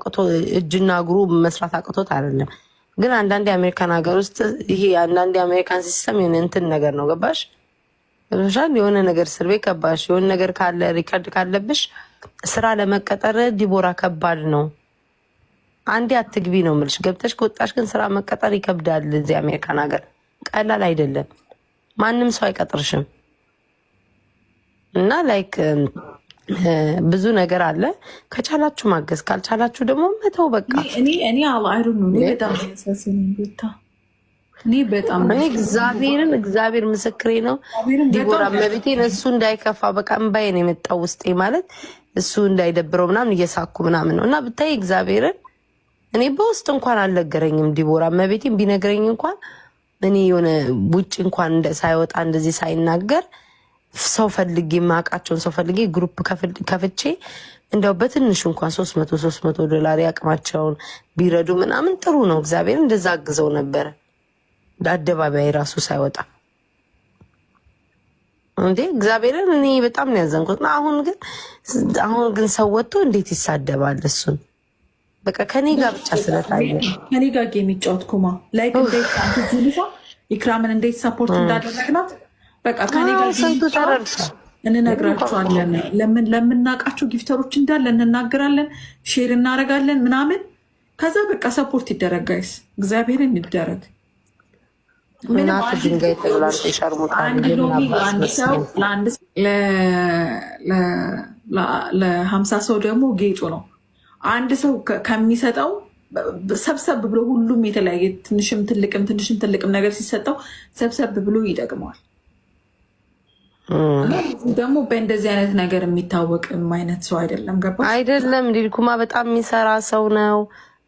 አቅቶ እጅና እግሩ መስራት አቅቶት አይደለም። ግን አንዳንድ የአሜሪካን ሀገር ውስጥ ይሄ አንዳንድ የአሜሪካን ሲስተም የሆነ እንትን ነገር ነው። ገባሽ ሻል የሆነ ነገር እስር ቤት ገባሽ የሆነ ነገር ካለ ሪከርድ ካለብሽ ስራ ለመቀጠር ዲቦራ ከባድ ነው። አንዴ አትግቢ ነው የምልሽ። ገብተሽ ከወጣሽ ግን ስራ መቀጠር ይከብዳል። እዚህ አሜሪካን ሀገር ቀላል አይደለም። ማንም ሰው አይቀጥርሽም እና ላይክ ብዙ ነገር አለ። ከቻላችሁ ማገዝ፣ ካልቻላችሁ ደግሞ መተው። በቃ እኔ እግዚአብሔርን እግዚአብሔር ምስክሬ ነው። ዲቦራ መቤቴን እሱ እንዳይከፋ በቃ እምባዬ የመጣው ውስጤ ማለት እሱ እንዳይደብረው ምናምን እየሳኩ ምናምን ነው እና ብታይ እግዚአብሔርን እኔ በውስጥ እንኳን አልነገረኝም። ዲቦራ መቤቴን ቢነግረኝ እንኳን እኔ የሆነ ውጭ እንኳን ሳይወጣ እንደዚህ ሳይናገር ሰው ፈልጌ የማውቃቸውን ሰው ፈልጌ ግሩፕ ከፍቼ እንዲያው በትንሹ እንኳን ሶስት መቶ ሶስት መቶ ዶላር ያቅማቸውን ቢረዱ ምናምን ጥሩ ነው። እግዚአብሔር እንደዛ አግዘው ነበረ። ለአደባባይ ራሱ ሳይወጣ እንዴ እግዚአብሔርን እኔ በጣም ነው ያዘንኩት። አሁን ግን አሁን ግን ሰው ወጥቶ እንዴት ይሳደባል? እሱን በቃ ከኔ ጋር ብቻ ስለታየ ከኔ ጋር የሚጫወት ኩማ ላይክ ላይ ኢክራምን እንዴት ሰፖርት እንዳደረግናት በቃ ከኔ ጋር እንነግራችኋለን። ለምን ለምናውቃቸው ጊፍተሮች እንዳለ እንናገራለን፣ ሼር እናደርጋለን ምናምን። ከዛ በቃ ሰፖርት ይደረግ ጋይስ፣ እግዚአብሔርን ይደረግ። ለሀምሳ ሰው ደግሞ ጌጡ ነው። አንድ ሰው ከሚሰጠው ሰብሰብ ብሎ ሁሉም የተለያየ ትንሽም ትልቅም ትንሽም ትልቅም ነገር ሲሰጠው ሰብሰብ ብሎ ይጠቅመዋል። ደግሞ በእንደዚህ አይነት ነገር የሚታወቅም አይነት ሰው አይደለም። ገባ አይደለም ሊልኩማ በጣም የሚሰራ ሰው ነው።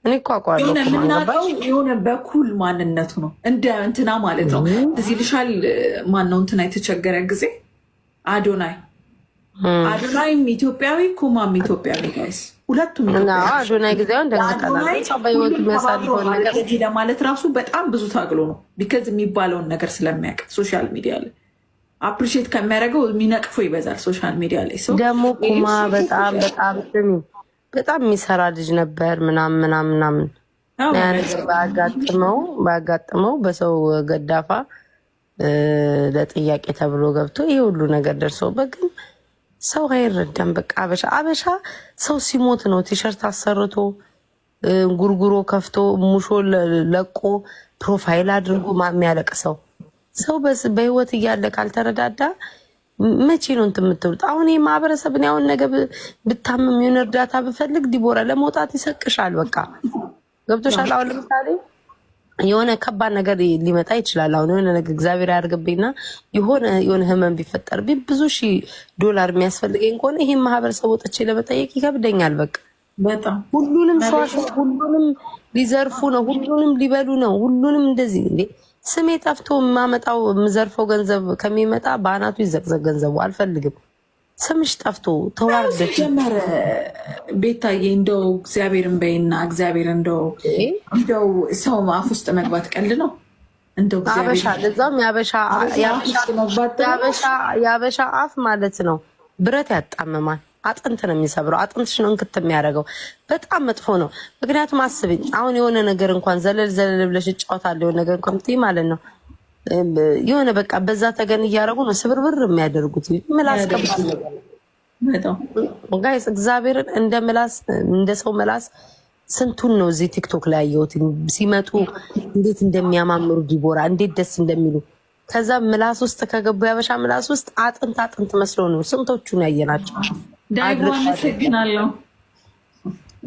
እኔ እኮ አውቀዋለሁ። የምናውቀው የሆነ በኩል ማንነቱ ነው እንደ እንትና ማለት ነው። እዚህ ልሻል ማነው እንትና የተቸገረ ጊዜ አዶናይ አዶናይም ኢትዮጵያዊ ኩማም ኢትዮጵያዊ ጋይስ ሁለቱም አዶናይ ጊዜውን ለማለት ራሱ በጣም ብዙ ታግሎ ነው ቢከዝ የሚባለውን ነገር ስለሚያውቅ ሶሻል ሚዲያ ላይ አፕሪሼት ከሚያደርገው የሚነቅፉ ይበዛል። ሶሻል ሚዲያ ላይ ሰው ደግሞ ኩማ በጣም በጣም ስሚ በጣም የሚሰራ ልጅ ነበር ምናምን ምናምን ምናምን ባያጋጥመው ባያጋጥመው በሰው ገዳፋ ለጥያቄ ተብሎ ገብቶ ይህ ሁሉ ነገር ደርሶበት ግን ሰው አይረዳም። በቃ አበሻ አበሻ ሰው ሲሞት ነው ቲሸርት አሰርቶ ጉርጉሮ ከፍቶ ሙሾ ለቆ ፕሮፋይል አድርጎ ማሚያለቅ ሰው ሰው በህይወት እያለ ካልተረዳዳ መቼ ነው እንትን አሁን ይህ ማህበረሰብ እኔ አሁን ነገ ብታምም የሚሆን እርዳታ ብፈልግ ዲቦራ ለመውጣት ይሰቅሻል። በቃ ገብቶሻል። አሁን ለምሳሌ የሆነ ከባድ ነገር ሊመጣ ይችላል። አሁን የሆነ ነገር እግዚአብሔር ያደርግብኝና የሆነ የሆነ ህመም ቢፈጠርብኝ ብዙ ሺህ ዶላር የሚያስፈልገኝ ከሆነ ይህም ማህበረሰብ ወጥቼ ለመጠየቅ ይከብደኛል። በቃ ሁሉንም ሸዋሸ ሁሉንም ሊዘርፉ ነው፣ ሁሉንም ሊበሉ ነው፣ ሁሉንም እንደዚህ ስሜ ጠፍቶ የማመጣው የምዘርፈው ገንዘብ ከሚመጣ በአናቱ ይዘቅዘቅ ገንዘቡ። አልፈልግም ስምሽ ጠፍቶ ተዋርደ ጀመረ። ቤታዬ እንደው እግዚአብሔርን በይና እግዚአብሔር እንደው እንደው ሰው አፍ ውስጥ መግባት ቀልድ ነው። እንደውበሻለዛም የአበሻ አፍ ማለት ነው ብረት ያጣምማል። አጥንት ነው የሚሰብረው። አጥንትሽ ነው እንክት የሚያደርገው። በጣም መጥፎ ነው። ምክንያቱም አስብኝ፣ አሁን የሆነ ነገር እንኳን ዘለል ዘለል ብለሽ እጫወታለሁ የሆነ ነገር እንኳን ብትይ ማለት ነው የሆነ በቃ በዛ ተገን እያደረጉ ነው ስብርብር የሚያደርጉት። ምላስ ከባድ ጋይስ፣ እግዚአብሔርን እንደ ምላስ እንደ ሰው ምላስ ስንቱን ነው እዚህ ቲክቶክ ላይ ያየሁት። ሲመጡ እንዴት እንደሚያማምሩ ዲቦራ፣ እንዴት ደስ እንደሚሉ ከዛ ምላስ ውስጥ ከገቡ ያበሻ ምላስ ውስጥ አጥንት አጥንት መስሎ ነው ስንቶቹን ያየናቸው። ዳይቦ አመሰግናለሁ።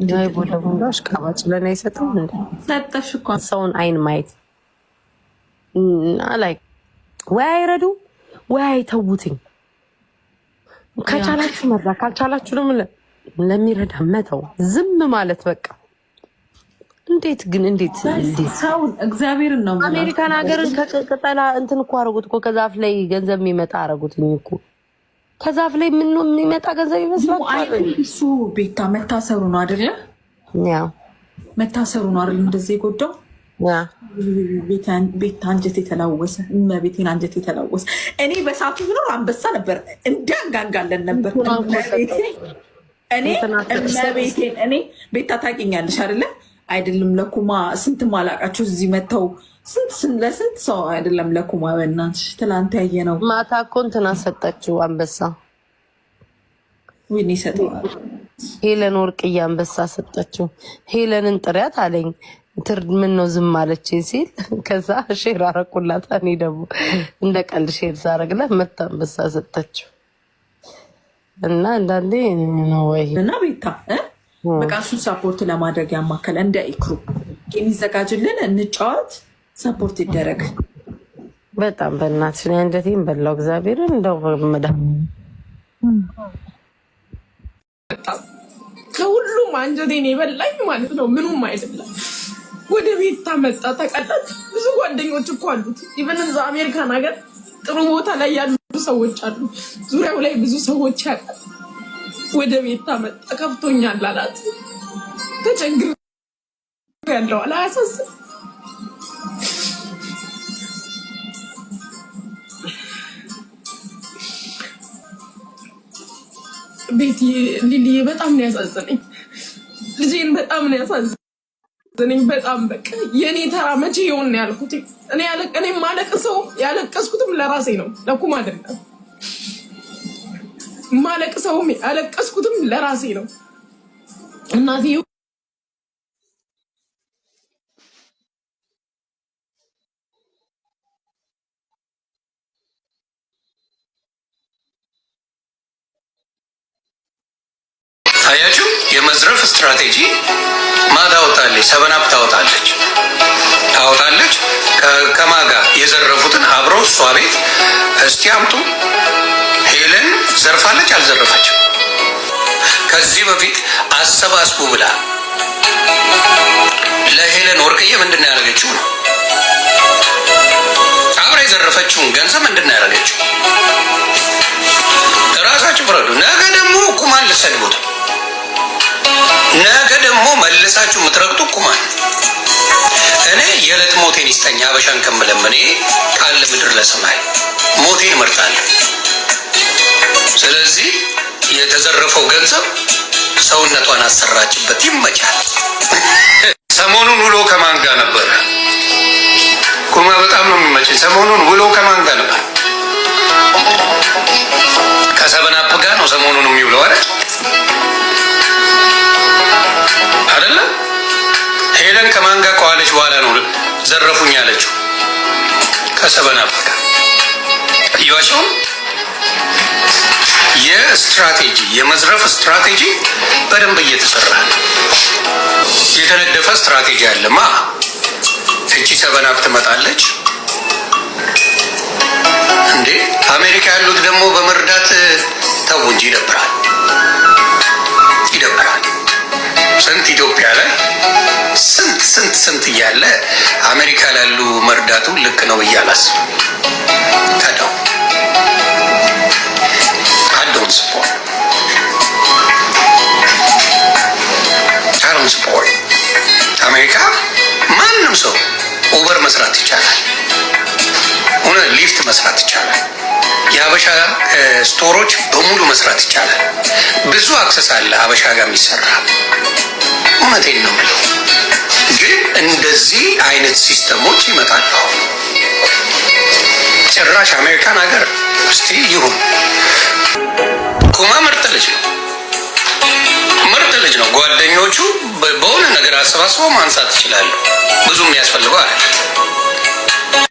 ዳይቦ አሽቃባጭ እንደ ሰጠሽ እኮ ሰውን አይን ማየት ላይ ወይ አይረዱ ወይ አይተውትኝ። ከቻላችሁ መራ ካልቻላችሁ ደግሞ ለሚረዳ መተው ዝም ማለት በቃ። እንዴት ግን እንዴት ሰው እግዚአብሔርን ነው። አሜሪካን ሀገርን ከቅጠላ እንትን እኮ አረጉት እኮ ከዛፍ ላይ ገንዘብ የሚመጣ አረጉትኝ እኮ ከዛፍ ላይ ምን የሚመጣ ገንዘብ ይመስላል። እሱ ቤታ መታሰሩ ነው አይደለ? መታሰሩ ነው አይደል? እንደዚህ የጎዳው ቤታ አንጀት የተላወሰ እመቤቴን አንጀት የተላወሰ። እኔ በሳቱ ብኖር አንበሳ ነበር እንዲያንጋጋለን ነበር። እኔ እመቤቴን እኔ ቤታ ታውቂኛለሽ አይደለ? አይደለም ለኩማ ስንት ማላቃቸው እዚህ መጥተው ለስንት ሰው አይደለም ለኩማ በእናትሽ ትላንት ያየ ነው። ማታ እኮ እንትና ሰጠችው አንበሳ ዊን ይሰጠዋል። ሄለን ወርቅዬ አንበሳ ሰጠችው። ሄለንን ጥሪያት አለኝ። ትርድ ምን ነው ዝም አለችኝ ሲል ከዛ ሼር አረኩላት። እኔ ደግሞ እንደ ቀልድ ሼር ሳረግላት መታ አንበሳ ሰጠችው እና አንዳንዴ ነው ወይ እና ቤታ በቃ እሱን ሳፖርት ለማድረግ ያማከለ እንደ ኢክሩ የሚዘጋጅልን እንጫወት ሰፖርት ይደረግ። በጣም በእናትሽ እኔ አንጀቴን በላው። እግዚአብሔር እንደው ከሁሉም አንጀቴን የበላኝ ማለት ነው። ምኑም አይደለም። ወደ ቤት ታመጣ ተቀላች። ብዙ ጓደኞች እኮ አሉት። ኢቨን እዛ አሜሪካን ሀገር ጥሩ ቦታ ላይ ያሉ ሰዎች አሉ። ዙሪያው ላይ ብዙ ሰዎች ያውቃል። ወደ ቤት ታመጣ ከፍቶኛል አላት። ተቸግር ያለዋል አያሳስብ ቤት ሊሊዬ በጣም ነው ያሳዘነኝ። ልጄን በጣም ነው ያሳዘነኝ። በጣም በቃ የእኔ ተራ መቼ ይሆን ያልኩት እኔ እኔ ማለቅሰው ያለቀስኩትም ለራሴ ነው ለኩም አይደለም። ማለቅሰውም ያለቀስኩትም ለራሴ ነው እናትዬው መዝረፍ ስትራቴጂ ማ ታወጣለች፣ ሰበናፕ ታወጣለች ታወጣለች ከማጋ የዘረፉትን አብረው እሷ ቤት እስቲ አምጡ። ሄለን ዘርፋለች አልዘረፈችም? ከዚህ በፊት አሰባስቡ ብላ ለሄለን ወርቅዬ ምንድን ያደረገችው? ነው አብረ የዘረፈችውን ገንዘብ ምንድን ያደረገችው? ብላችሁ የምትረግጡ ቁማል እኔ የዕለት ሞቴን ይስጠኝ አበሻን ከምለም እኔ ቃል ምድር ለሰማይ ሞቴን እመርጣለሁ። ስለዚህ የተዘረፈው ገንዘብ ሰውነቷን አሰራችበት። ይመቻል። ሰሞኑን ውሎ ከማን ጋር ነበር? ኩማ በጣም ነው የሚመችኝ። ሰሞኑን ውሎ ከማን ጋር ነበር? ከሰበናፕ ጋር ነው ሰሞኑን የሚውለው አይደል? ካለች በኋላ ነው ዘረፉኝ ያለችው ከሰበን አፍሪካ። እያቸውም የስትራቴጂ የመዝረፍ ስትራቴጂ በደንብ እየተሰራ የተነደፈ ስትራቴጂ አለማ። እቺ ሰበን ትመጣለች እንዴ! አሜሪካ ያሉት ደግሞ በመርዳት ተው እንጂ ይደብራል፣ ይደብራል። ስንት ኢትዮጵያ ላይ ስንት ስንት ስንት እያለ አሜሪካ ላሉ መርዳቱ ልክ ነው እያላስ ከደው አዶን ስፖርት አዶን ስፖርት አሜሪካ ማንም ሰው ኡበር መስራት ይቻላል። ሆነ ሊፍት መስራት ይቻላል። የሀበሻ ስቶሮች በሙሉ መስራት ይቻላል። ብዙ አክሰስ አለ ሀበሻ ጋር የሚሰራ እውነቴን ነው የምለው። ግን እንደዚህ አይነት ሲስተሞች ይመጣሉ። ጭራሽ አሜሪካን ሀገር ውስጥ ይሁን ኩማ ምርጥ ልጅ ነው፣ ምርጥ ልጅ ነው። ጓደኞቹ በሆነ ነገር አሰባስበው ማንሳት ይችላሉ። ብዙ የሚያስፈልገው አለ